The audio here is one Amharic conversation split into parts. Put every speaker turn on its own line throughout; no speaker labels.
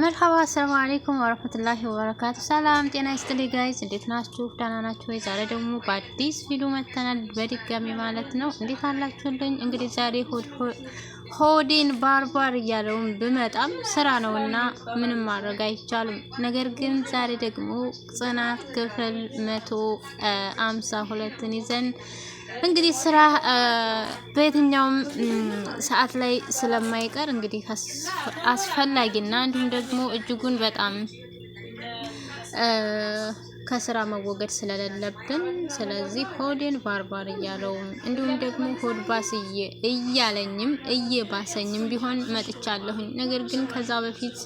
መርሀባ አሰላሙ አለይኩም ወረህመቱላሂ ወበረካቱ። ሰላም ጤና ይስጥልኝ ጋይዝ፣ እንዴት ናችሁ? ደህና ናችሁ ወይ? ዛሬ ደግሞ በአዲስ ቪዲዮ መተናል በድጋሚ ማለት ነው። እንዴት አላችሁልኝ? እንግዲህ ዛሬ ሆዴን ባርባር እያለውን ብመጣም ስራ ነው እና ምንም ማድረግ አይቻልም። ነገር ግን ዛሬ ደግሞ ጽናት ክፍል መቶ አምሳ ሁለትን ይዘን እንግዲህ ስራ በየትኛውም ሰዓት ላይ ስለማይቀር እንግዲህ አስፈላጊና እንዲሁም ደግሞ እጅጉን በጣም ከስራ መወገድ ስለሌለብን ስለዚህ ሆዴን ባርባር እያለውም እንዲሁም ደግሞ ሆድ ባስዬ እያለኝም እየባሰኝም ቢሆን መጥቻለሁኝ። ነገር ግን ከዛ በፊት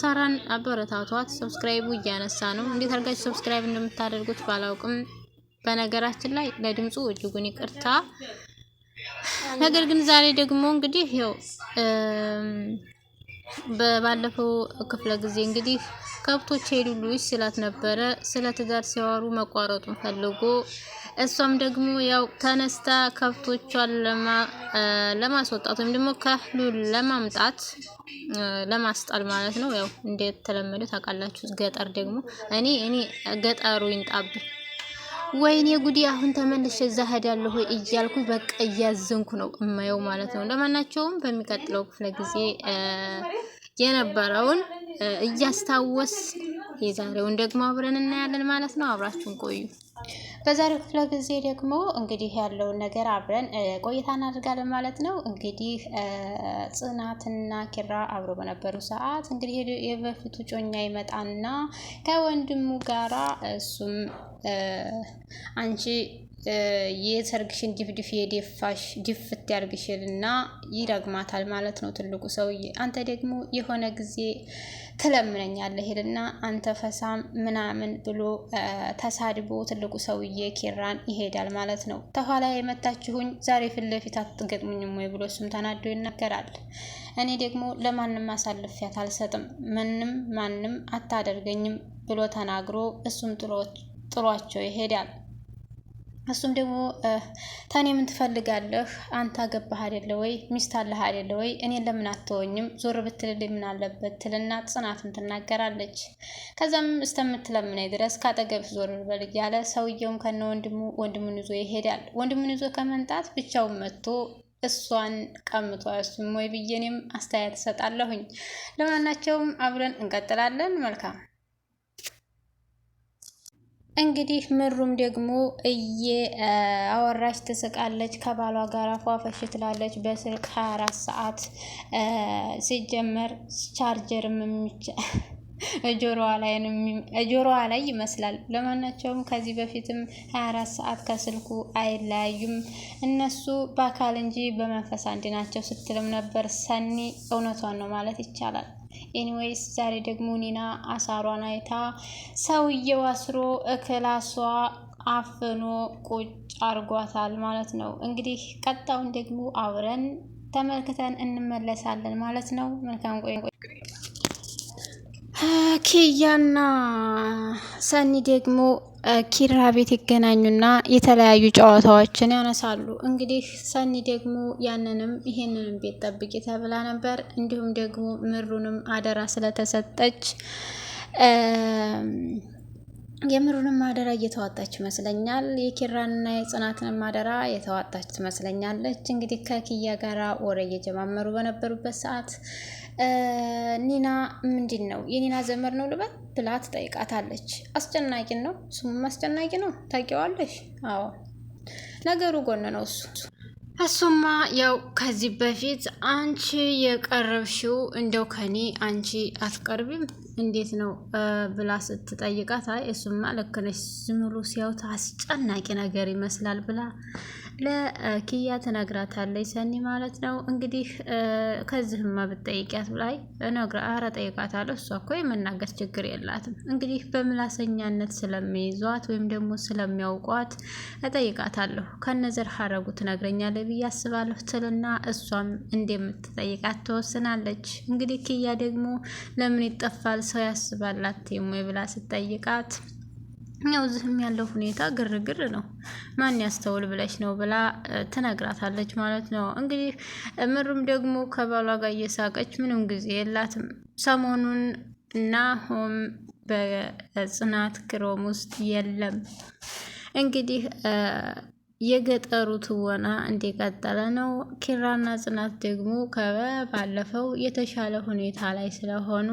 ሳራን አበረታቷት። ሰብስክራይቡ እያነሳ ነው። እንዴት አድርጋችሁ ሰብስክራይብ እንደምታደርጉት ባላውቅም በነገራችን ላይ ለድምፁ እጅጉን ይቅርታ። ነገር ግን ዛሬ ደግሞ እንግዲህ ያው በባለፈው ክፍለ ጊዜ እንግዲህ ከብቶች ሄዱልሽ ስላት ነበረ። ስለ ትዳር ሲያወሩ መቋረጡን ፈልጎ እሷም ደግሞ ያው ተነስታ ከብቶቿን ለማስወጣት ወይም ደግሞ ከህሉን ለማምጣት ለማስጣል ማለት ነው። ያው እንደተለመደ ታውቃላችሁ፣ ገጠር ደግሞ እኔ እኔ ገጠሩ ይንጣብኝ ወይኔ ጉዲ አሁን ተመልሼ እዛ ሄዳለሁ እያልኩ በቃ እያዘንኩ ነው እማየው ማለት ነው። ለማናቸውም በሚቀጥለው ክፍለ ጊዜ የነበረውን እያስታወስ የዛሬውን ደግሞ አብረን እናያለን ማለት ነው። አብራችሁን ቆዩ። በዛሬው ክፍለ ጊዜ ደግሞ እንግዲህ ያለውን ነገር አብረን ቆይታ እናደርጋለን ማለት ነው። እንግዲህ ጽናትና ኪራ አብረው በነበሩ ሰዓት እንግዲህ የበፊቱ ጮኛ ይመጣና ከወንድሙ ጋራ እሱም አንቺ የሰርግሽን ድፍድፍ የደፋሽ ድፍት ያርግሽል እና ይረግማታል ማለት ነው ትልቁ ሰውዬ። አንተ ደግሞ የሆነ ጊዜ ትለምነኛለህ ሄድና አንተ ፈሳም ምናምን ብሎ ተሳድቦ ትልቁ ሰውዬ ኪራን ይሄዳል ማለት ነው። ተኋላ የመታችሁኝ ዛሬ ፊት ለፊት አትገጥሙኝም ወይ ብሎ እሱም ተናዶ ይናገራል። እኔ ደግሞ ለማንም አሳልፊያት አልሰጥም፣ ምንም ማንም አታደርገኝም ብሎ ተናግሮ እሱም ጥሎት ጥሏቸው ይሄዳል። እሱም ደግሞ ታኔ ምን ትፈልጋለህ? አንተ አገባህ አይደለ ወይ? ሚስት አለህ አይደለ ወይ? እኔን ለምን አትወኝም? ዞር ብትልል ምን አለበት? ትልና ጽናትን ትናገራለች። ከዛም እስከምትለምነኝ ድረስ ካጠገብሽ ዞር በል እያለ ሰውየውም ከነ ወንድሙ ወንድሙን ይዞ ይሄዳል። ወንድሙን ይዞ ከመምጣት ብቻውን መጥቶ እሷን ቀምቶ እሱም ወይ ብዬ እኔም አስተያየት እሰጣለሁኝ። ለማናቸውም አብረን እንቀጥላለን። መልካም እንግዲህ ምሩም ደግሞ እየ አወራች ትስቃለች፣ ከባሏ ጋር ፏፈሽ ትላለች በስልክ 24 ሰዓት ሲጀመር ቻርጀርም ጆሮዋ ላይ ይመስላል። ለማናቸውም ከዚህ በፊትም 24 ሰዓት ከስልኩ አይለያዩም እነሱ በአካል እንጂ በመንፈስ አንድ ናቸው ስትልም ነበር ሰኒ። እውነቷን ነው ማለት ይቻላል። ኤኒዌይስ ዛሬ ደግሞ ኒና አሳሯን አይታ ሰውየው አስሮ እክላሷ አፍኖ ቁጭ አርጓታል ማለት ነው። እንግዲህ ቀጣውን ደግሞ አብረን ተመልክተን እንመለሳለን ማለት ነው። መልካም ቆይ። ኪያና ሰኒ ደግሞ ኪራ ቤት ይገናኙና የተለያዩ ጨዋታዎችን ያነሳሉ። እንግዲህ ሰኒ ደግሞ ያንንም ይሄንንም ቤት ጠብቂ ተብላ ነበር። እንዲሁም ደግሞ ምሩንም አደራ ስለተሰጠች የምሩንም አደራ እየተዋጣች ይመስለኛል። የኪራንና የጽናትንም አደራ የተዋጣች ትመስለኛለች። እንግዲህ ከኪያ ጋራ ወሬ እየጀማመሩ በነበሩበት ሰዓት ኒና ምንድን ነው የኒና ዘመድ ነው ልበል ብላ ትጠይቃታለች። አስጨናቂ ነው፣ ስሙም አስጨናቂ ነው። ታውቂዋለሽ? አዎ፣ ነገሩ ጎን ነው እሱ እሱማ ያው ከዚህ በፊት አንቺ የቀረብሽው እንደው ከኔ አንቺ አትቀርቢም እንዴት ነው ብላ ስትጠይቃት፣ አይ እሱማ ልክ ነሽ ዝም ብሎ ሲያዩት አስጨናቂ ነገር ይመስላል ብላ ለኪያ ትነግራታለች ሰኒ ማለት ነው። እንግዲህ ከዚህማ ብትጠይቂያት ላይ ነግራ አረ ጠይቃታለሁ። እሷ እኮ የመናገር ችግር የላትም። እንግዲህ በምላሰኛነት ስለሚይዟት ወይም ደግሞ ስለሚያውቋት እጠይቃታለሁ ከነዘር ሀረጉ ትነግረኛለች ብዬ አስባለሁ ትልና እሷም እንደምትጠይቃት ትወስናለች። እንግዲህ ኪያ ደግሞ ለምን ይጠፋል ሰው ያስባላት ሞ ብላ ስትጠይቃት ያው እዚህም ያለው ሁኔታ ግርግር ነው። ማን ያስተውል ብለሽ ነው ብላ ትነግራታለች ማለት ነው። እንግዲህ ምሩም ደግሞ ከባሏ ጋር እየሳቀች ምንም ጊዜ የላትም። ሰሞኑን ናሆም በጽናት ክሮም ውስጥ የለም። እንግዲህ የገጠሩ ትወና እንደቀጠለ ነው። ኪራና ጽናት ደግሞ ከባለፈው የተሻለ ሁኔታ ላይ ስለሆኑ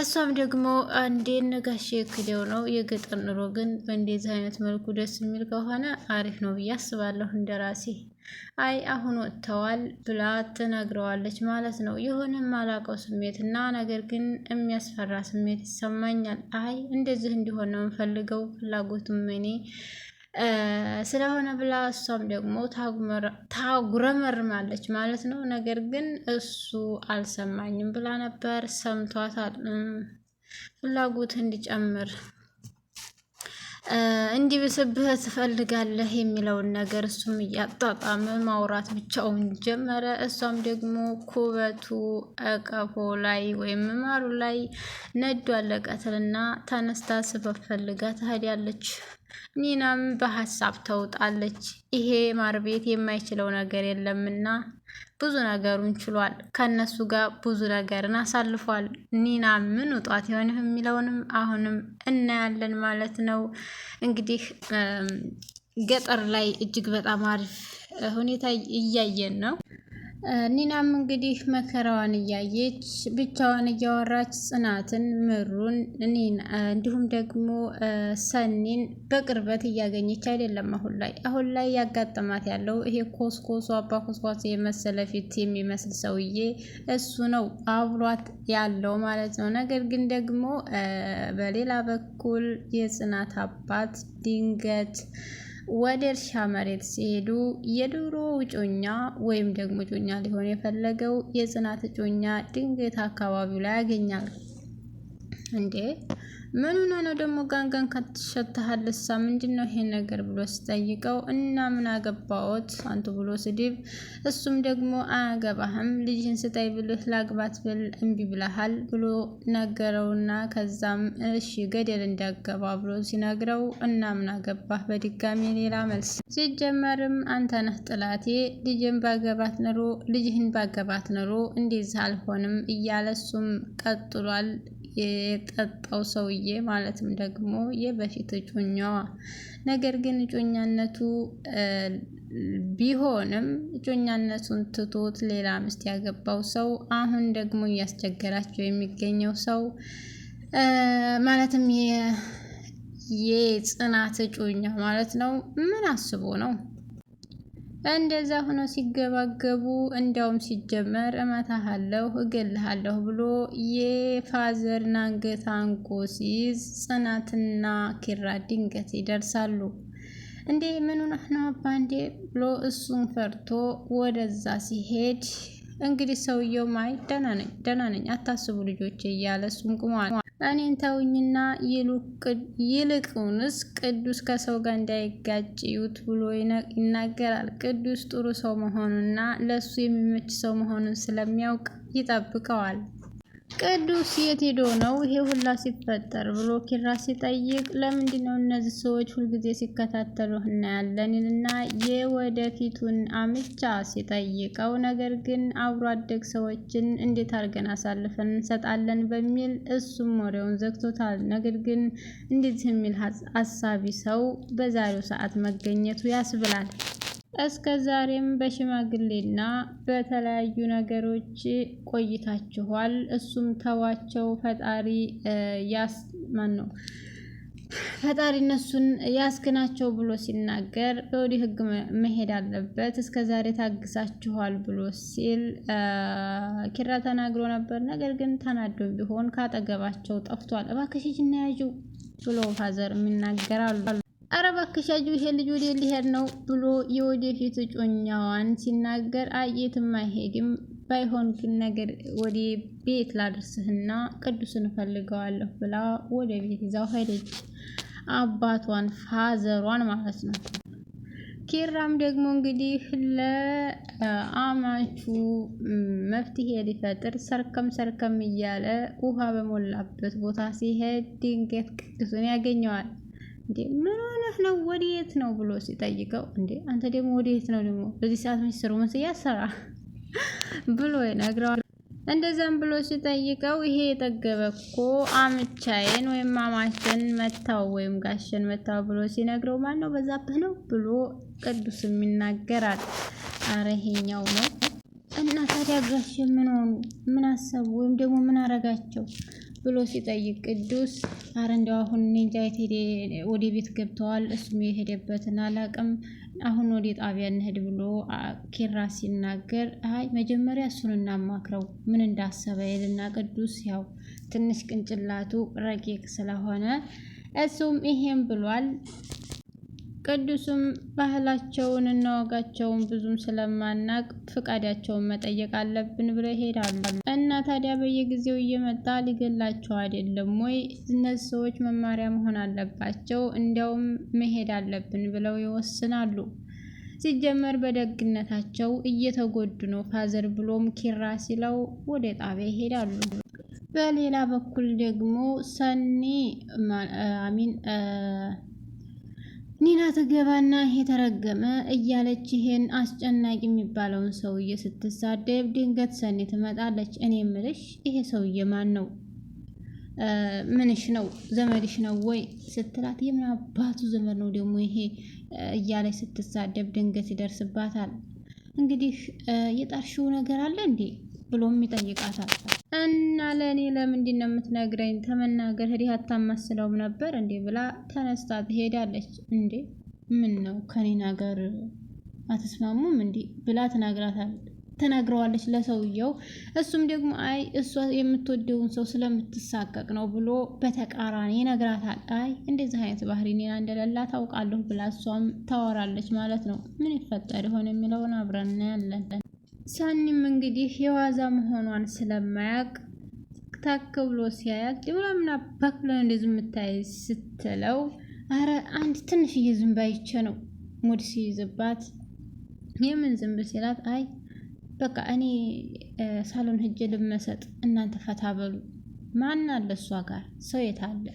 እሷም ደግሞ አንዴ ነጋሽ ክደው ነው የገጠር ኑሮ ግን በእንደዚህ አይነት መልኩ ደስ የሚል ከሆነ አሪፍ ነው ብዬ አስባለሁ ራሴ። አይ አሁን ወጥተዋል ብላ ተናግረዋለች ማለት ነው። የሆነም ማላቀው ስሜት እና ነገር ግን የሚያስፈራ ስሜት ይሰማኛል። አይ እንደዚህ እንዲሆን ነው የምፈልገው ፍላጎቱም እኔ ስለሆነ ብላ እሷም ደግሞ ታጉረመርማለች ማለት ነው። ነገር ግን እሱ አልሰማኝም ብላ ነበር። ሰምቷታል ፍላጎት እንዲጨምር እንዲብስብህ ትፈልጋለህ የሚለውን ነገር እሱም እያጣጣመ ማውራት ብቻውን ጀመረ። እሷም ደግሞ ኩበቱ እቀፎ ላይ ወይም ማሩ ላይ ነዱ አለቀትልና ተነስታ ስበፈልጋ ትሄዳለች። ኒናም በሀሳብ ተውጣለች። ይሄ ማርቤት የማይችለው ነገር የለምና ብዙ ነገሩን ችሏል። ከእነሱ ጋር ብዙ ነገርን አሳልፏል። ኒና ምን ውጧት ይሆን የሚለውንም አሁንም እናያለን ማለት ነው። እንግዲህ ገጠር ላይ እጅግ በጣም አሪፍ ሁኔታ እያየን ነው። ኒናም እንግዲህ መከራዋን እያየች ብቻዋን እያወራች ጽናትን፣ ምሩን፣ እንዲሁም ደግሞ ሰኒን በቅርበት እያገኘች አይደለም። አሁን ላይ አሁን ላይ ያጋጠማት ያለው ይሄ ኮስኮሶ አባ ኮስኳሶ የመሰለ ፊት የሚመስል ሰውዬ እሱ ነው አብሯት ያለው ማለት ነው። ነገር ግን ደግሞ በሌላ በኩል የጽናት አባት ድንገት ወደ እርሻ መሬት ሲሄዱ የድሮ እጮኛ ወይም ደግሞ እጮኛ ሊሆን የፈለገው የጽናት እጮኛ ድንገት አካባቢው ላይ ያገኛል። እንዴ ምን ሆኖ ነው ደግሞ ጋንጋን ከተሸተሃል ምንድነው ምንድን ነው ይሄ ነገር ብሎ ሲጠይቀው እና ምን አገባዎት አንቱ ብሎ ስድብ፣ እሱም ደግሞ አያገባህም ልጅን ስጠይ ብልህ ላግባት ብል እምቢ ብለሃል ብሎ ነገረውና ከዛም እሺ ገደል እንዳገባ ብሎ ሲነግረው እና ምን አገባህ በድጋሚ ሌላ መልስ ሲጀመርም አንተ ነህ ጥላቴ ልጅን ባገባት ኖሮ ልጅህን ባገባት ኖሮ እንደዚህ አልሆንም እያለ እሱም ቀጥሏል። የጠጣው ሰውዬ ማለትም ደግሞ የበፊት እጮኛዋ። ነገር ግን እጮኛነቱ ቢሆንም እጮኛነቱን ትቶት ሌላ ሚስት ያገባው ሰው አሁን ደግሞ እያስቸገራቸው የሚገኘው ሰው ማለትም የጽናት እጮኛ ማለት ነው። ምን አስቦ ነው? እንደዛ ሆኖ ሲገባገቡ እንዲያውም ሲጀመር እመታሃለሁ እገልሃለሁ ብሎ የፋዘርን አንገት አንቆ ሲይዝ ጽናትና ኪራ ድንገት ይደርሳሉ። እንዴ ምን ሆነህ ነው ብሎ እሱን ፈርቶ ወደዛ ሲሄድ እንግዲህ ሰውየው ማይ ደህና ነኝ ደህና ነኝ አታስቡ ልጆቼ እያለ እሱም ቁሟል። እኔን ተውኝና ይልቁንስ ቅዱስ ከሰው ጋር እንዳይጋጭ ይዩት ብሎ ይናገራል። ቅዱስ ጥሩ ሰው መሆኑና ለእሱ የሚመች ሰው መሆኑን ስለሚያውቅ ይጠብቀዋል። ቅዱስ የት ሄዶ ነው ይሄ ሁላ ሲፈጠር ብሎ ኪራ ሲጠይቅ፣ ለምንድን ነው እነዚህ ሰዎች ሁልጊዜ ሲከታተሉ እናያለንና የወደፊቱን አምቻ ሲጠይቀው፣ ነገር ግን አብሮ አደግ ሰዎችን እንዴት አድርገን አሳልፈን እንሰጣለን በሚል እሱም ወሬውን ዘግቶታል። ነገር ግን እንደዚህ የሚል አሳቢ ሰው በዛሬው ሰዓት መገኘቱ ያስብላል። እስከ ዛሬም በሽማግሌና በተለያዩ ነገሮች ቆይታችኋል። እሱም ተዋቸው ፈጣሪ ያስ ማን ነው ፈጣሪ እነሱን ያስክናቸው ብሎ ሲናገር በወዲህ ህግ መሄድ አለበት። እስከ ዛሬ ታግሳችኋል ብሎ ሲል ኪራ ተናግሮ ነበር። ነገር ግን ተናዶ ቢሆን ካጠገባቸው ጠፍቷል። እባክሽ ሂጂና ያዥው ብሎ ፋዘር የሚናገራሉ። ኧረ እባክሽ ይሄ ልጅ ወደ ሊሄድ ነው ብሎ የወደፊት እጮኛዋን ሲናገር አየትም አይሄድም፣ ባይሆን ግን ነገር ወደ ቤት ላድርስህና ቅዱስን እፈልገዋለሁ ብላ ወደ ቤት ይዛው ሄደች። አባቷን ፋዘሯን ማለት ነው። ኪራም ደግሞ እንግዲህ ለአማቹ መፍትሄ ሊፈጥር ሰርከም ሰርከም እያለ ውሃ በሞላበት ቦታ ሲሄድ ድንገት ቅዱስን ያገኘዋል። እንዴ ምን ሆነህ ነው ወዴት ነው ብሎ ሲጠይቀው፣ እንዴ አንተ ደግሞ ወዴት ነው ደግሞ በዚህ ሰዓት ሚኒስትሩ ምን ስያሰራ ብሎ ይነግረዋል። እንደዛም ብሎ ሲጠይቀው ይሄ የጠገበ እኮ አምቻዬን ወይም አማችን መታው ወይም ጋሸን መታው ብሎ ሲነግረው ማን ነው በዛብህ ነው ብሎ ቅዱስም ይናገራል። አረ ይሄኛው ነው እና ታዲያ ጋሸን ምን ሆኑ ምን አሰቡ ወይም ደግሞ ምን አረጋቸው ብሎ ሲጠይቅ ቅዱስ አረ እንደው አሁን ኔንጃ ወደ ቤት ገብተዋል፣ እሱም የሄደበትን አላቅም፣ አሁን ወደ ጣቢያ እንሄድ ብሎ ኪራ ሲናገር፣ አይ መጀመሪያ እሱን እናማክረው ምን እንዳሰበ ይልና ቅዱስ ያው ትንሽ ቅንጭላቱ ረቂቅ ስለሆነ እሱም ይሄም ብሏል። ቅዱስም ባህላቸውን እና ወጋቸውን ብዙም ስለማናቅ ፍቃዳቸውን መጠየቅ አለብን ብሎ ይሄዳሉ። ታዲያ በየጊዜው እየመጣ ሊገላቸው አይደለም ወይ? እነዚህ ሰዎች መማሪያ መሆን አለባቸው፣ እንዲያውም መሄድ አለብን ብለው ይወስናሉ። ሲጀመር በደግነታቸው እየተጎዱ ነው ፋዘር ብሎም ኪራ ሲለው ወደ ጣቢያ ይሄዳሉ። በሌላ በኩል ደግሞ ሰኒ አሚን ኒና ትገባና ተረገመ እያለች ይሄን አስጨናቂ የሚባለውን ሰውዬ ስትሳደብ ድንገት ሰኔ ትመጣለች። እኔ ምልሽ ይሄ ሰውዬ ማን ነው? ምንሽ ነው? ዘመድሽ ነው ወይ ስትላት የምን አባቱ ዘመድ ነው ደግሞ ይሄ እያለች ስትሳደብ ድንገት ይደርስባታል። እንግዲህ የጣርሽው ነገር አለ እንዴ ብሎም ይጠይቃታል። እና ለእኔ ለምንድን ነው የምትነግረኝ? ተመናገር ህዲህ አታማስለውም ነበር እንዴ ብላ ተነስታ ትሄዳለች። እንዴ ምን ነው ከኔ ነገር አትስማሙም እንዴ ብላ ትናግራታል ተናግረዋለች ለሰውየው። እሱም ደግሞ አይ እሷ የምትወደውን ሰው ስለምትሳቀቅ ነው ብሎ በተቃራኒ ይነግራታል። አይ እንደዚህ አይነት ባህሪ እኔን እንደሌላ ታውቃለሁ ብላ እሷም ታወራለች ማለት ነው። ምን ይፈጠር ይሆን የሚለውን አብረን እናያለን። ሰኒም እንግዲህ የዋዛ መሆኗን ስለማያቅ ታክ ብሎ ሲያያት ለምን ምን አባክ ብለህ እንደዚህ የምታይ ስትለው አረ አንድ ትንሽ ዝንብ ባይቸ ነው ሙድ ሲይዝባት የምን ዝንብ ሲላት አይ በቃ እኔ ሳሎን ህጅ ልመሰጥ እናንተ ፈታ በሉ ማን አለ እሷ ጋር ሰው የት አለ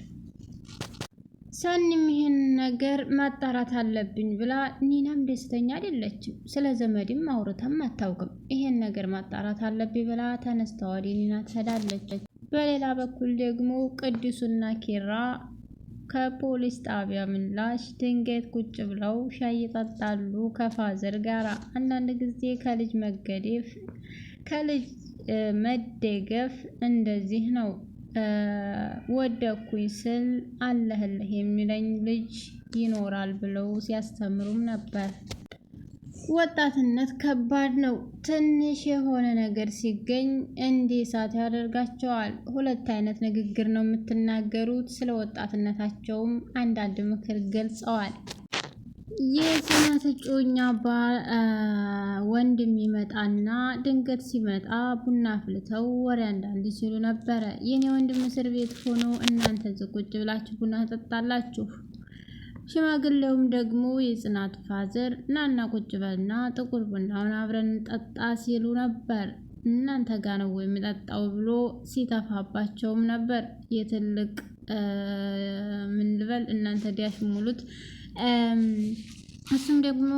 ሰኒም ይህን ነገር ማጣራት አለብኝ ብላ ኒናም ደስተኛ አይደለችም። ስለ ዘመድም አውርተም አታውቅም። ይሄን ነገር ማጣራት አለብኝ ብላ ተነስታ ወደ ኒና ትሄዳለች። በሌላ በኩል ደግሞ ቅዱሱና ኪራ ከፖሊስ ጣቢያ ምላሽ ድንገት ቁጭ ብለው ሻይ ይጠጣሉ ከፋዘር ጋራ። አንዳንድ ጊዜ ከልጅ መገደፍ ከልጅ መደገፍ እንደዚህ ነው። ወደኩኝ ስል አለህልህ የሚለኝ ልጅ ይኖራል ብለው ሲያስተምሩም ነበር። ወጣትነት ከባድ ነው። ትንሽ የሆነ ነገር ሲገኝ እንዲህ እሳት ያደርጋቸዋል። ሁለት አይነት ንግግር ነው የምትናገሩት። ስለ ወጣትነታቸውም አንዳንድ ምክር ገልጸዋል። የጽናት እጮኛ ወንድም ይመጣና ድንገት ሲመጣ ቡና አፍልተው ወሬ አንዳንድ ሲሉ ነበረ። የኔ ወንድም እስር ቤት ሆኖ እናንተ ዝቁጭ ብላችሁ ቡና ጠጣላችሁ ሽማግሌውም ደግሞ የጽናት ፋዘር ናና ቁጭ በልና ጥቁር ቡናውን አብረን ጠጣ ሲሉ ነበር። እናንተ ጋ ነው የምጠጣው ብሎ ሲተፋባቸውም ነበር። የትልቅ ምን ልበል እናንተ ዲያሽ ሙሉት እሱም ደግሞ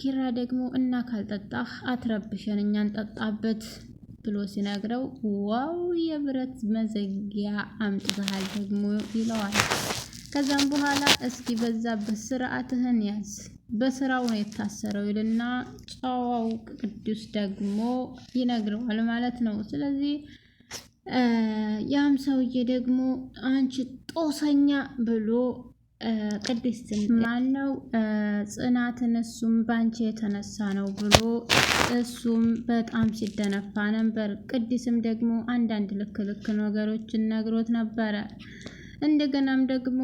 ኪራ ደግሞ እና ካልጠጣህ አትረብሸን እኛን ጠጣበት ብሎ ሲነግረው ዋው የብረት መዘጊያ አምጥተሃል ደግሞ ይለዋል። ከዛም በኋላ እስኪ በዛ ስርዓትህን ያዝ በስራው ነው የታሰረው ይልና ጨዋው ቅዱስ ደግሞ ይነግረዋል ማለት ነው። ስለዚህ ያም ሰውዬ ደግሞ አንቺ ጦሰኛ ብሎ ማን ነው ጽናትን እሱም ባንቺ የተነሳ ነው ብሎ እሱም በጣም ሲደነፋ ነበር። ቅድስም ደግሞ አንዳንድ ልክ ልክ ነገሮችን ነግሮት ነበረ። እንደገናም ደግሞ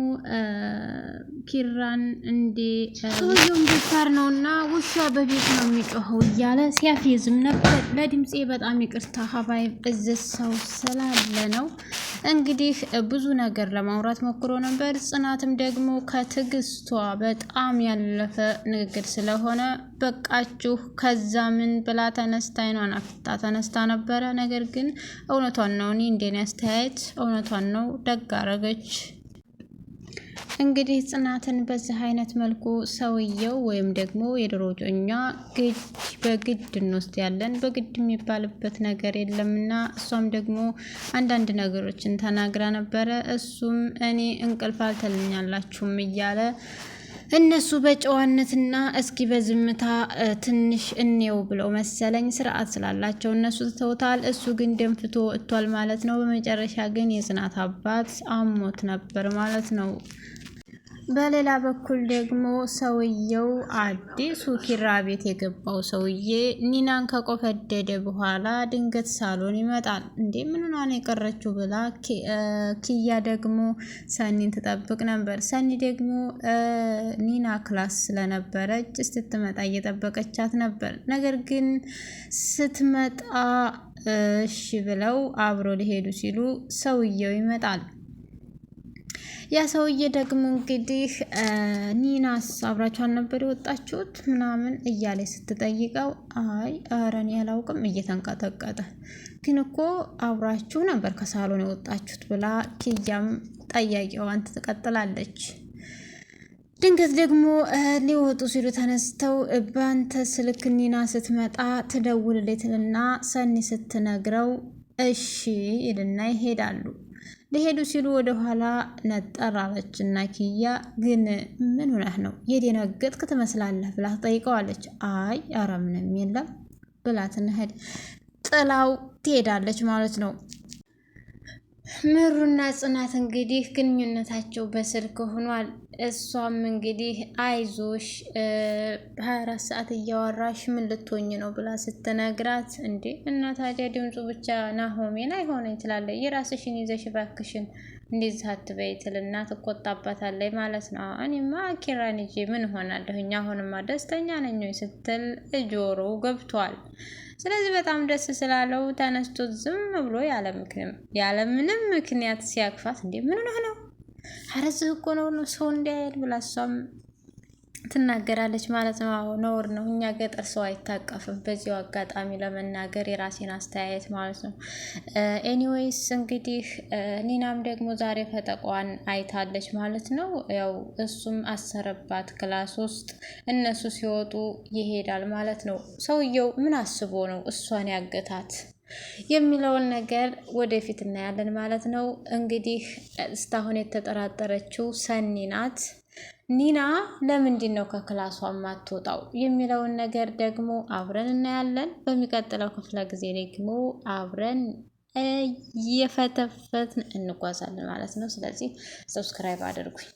ኪራን እንዴ ሰውየውም ብቻር ነው እና ውሻ በቤት ነው የሚጮኸው እያለ ሲያፌዝም ነበር። ለድምፄ በጣም ይቅርታ ሀባይ እዝ ሰው ስላለ ነው እንግዲህ ብዙ ነገር ለማውራት ሞክሮ ነበር። ጽናትም ደግሞ ከትዕግስቷ በጣም ያለፈ ንግግር ስለሆነ በቃችሁ ከዛ ምን ብላ ተነስታ አይኗን አፍታ ተነስታ ነበረ። ነገር ግን እውነቷን ነው። እኔ እንደኔ አስተያየት እውነቷን ነው። ደግ አረገች። እንግዲህ ጽናትን በዚህ አይነት መልኩ ሰውየው ወይም ደግሞ የድሮ ጮኛ ግድ በግድ ያለን በግድ የሚባልበት ነገር የለምና እሷም ደግሞ አንዳንድ ነገሮችን ተናግራ ነበረ። እሱም እኔ እንቅልፍ አልተልኛላችሁም እያለ እነሱ በጨዋነትና እስኪ በዝምታ ትንሽ እኔው ብለው መሰለኝ ስርዓት ስላላቸው እነሱ ትተውታል። እሱ ግን ደንፍቶ እቷል ማለት ነው። በመጨረሻ ግን የጽናት አባት አሞት ነበር ማለት ነው። በሌላ በኩል ደግሞ ሰውየው አዲሱ ኪራ ቤት የገባው ሰውዬ ኒናን ከቆፈደደ በኋላ ድንገት ሳሎን ይመጣል። እንዴ ምንኗን የቀረችው ብላ ኪያ ደግሞ ሰኒን ትጠብቅ ነበር። ሰኒ ደግሞ ኒና ክላስ ስለነበረች ስትመጣ እየጠበቀቻት ነበር። ነገር ግን ስትመጣ እሺ ብለው አብሮ ሊሄዱ ሲሉ ሰውየው ይመጣል። ያ ሰውዬ ደግሞ እንግዲህ ኒናስ አብራችኋን ነበር የወጣችሁት ምናምን እያለ ስትጠይቀው አይ አረን ያላውቅም እየተንቀጠቀጠ ግን እኮ አብራችሁ ነበር ከሳሎን የወጣችሁት ብላ ኪያም ጠያቂዋን ትቀጥላለች። ድንገት ደግሞ ሊወጡ ሲሉ ተነስተው በአንተ ስልክ ኒና ስትመጣ ትደውልልትልና ሰኒ ስትነግረው እሺ ይልና ይሄዳሉ። ሊሄዱ ሲሉ ነጠር አለች እና ኪያ ግን ምን ሆነህ ነው የደነገጥክ ትመስላለህ ብላ ትጠይቀዋለች። አይ ኧረ ምንም የለም ብላ ትንሄድ ጥላው ትሄዳለች ማለት ነው። ምሩና ጽናት እንግዲህ ግንኙነታቸው በስልክ ሆኗል። እሷም እንግዲህ አይዞሽ ሀያ አራት ሰዓት እያወራሽ ምን ልትሆኝ ነው ብላ ስትነግራት፣ እንዴ እና ታዲያ ድምፁ ብቻ ናሆሜን አይሆነኝ ትላለ። የራስሽን ይዘሽ እባክሽን እንደዚህ አትበይ ትልና ትቆጣባታለች ማለት ነው። እኔማ ኪራን ይዤ ምን እሆናለሁኝ? አሁንማ ደስተኛ ነኝ ስትል እጆሮ ገብቷል። ስለዚህ በጣም ደስ ስላለው ተነስቶ ዝም ብሎ ያለምንም ምክንያት ሲያክፋት፣ እንዴ ምን ነው ሀረዝህ እኮ ነውር ነው ሰው እንዳያል ብላ እሷም ትናገራለች ማለት ነው። አዎ ነውር ነው። እኛ ገጠር ሰው አይታቀፍም። በዚሁ አጋጣሚ ለመናገር የራሴን አስተያየት ማለት ነው። ኤኒዌይስ እንግዲህ ኒናም ደግሞ ዛሬ ፈጠቋን አይታለች ማለት ነው። ያው እሱም አሰረባት ክላስ ውስጥ እነሱ ሲወጡ ይሄዳል ማለት ነው። ሰውየው ምን አስቦ ነው እሷን ያገታት? የሚለውን ነገር ወደፊት እናያለን ማለት ነው። እንግዲህ እስካሁን የተጠራጠረችው ሰኒ ናት። ኒና ለምንድን ነው ከክላሷ ማትወጣው የሚለውን ነገር ደግሞ አብረን እናያለን። በሚቀጥለው ክፍለ ጊዜ ደግሞ አብረን እየፈተፈትን እንጓዛለን ማለት ነው። ስለዚህ ሰብስክራይብ አድርጉኝ።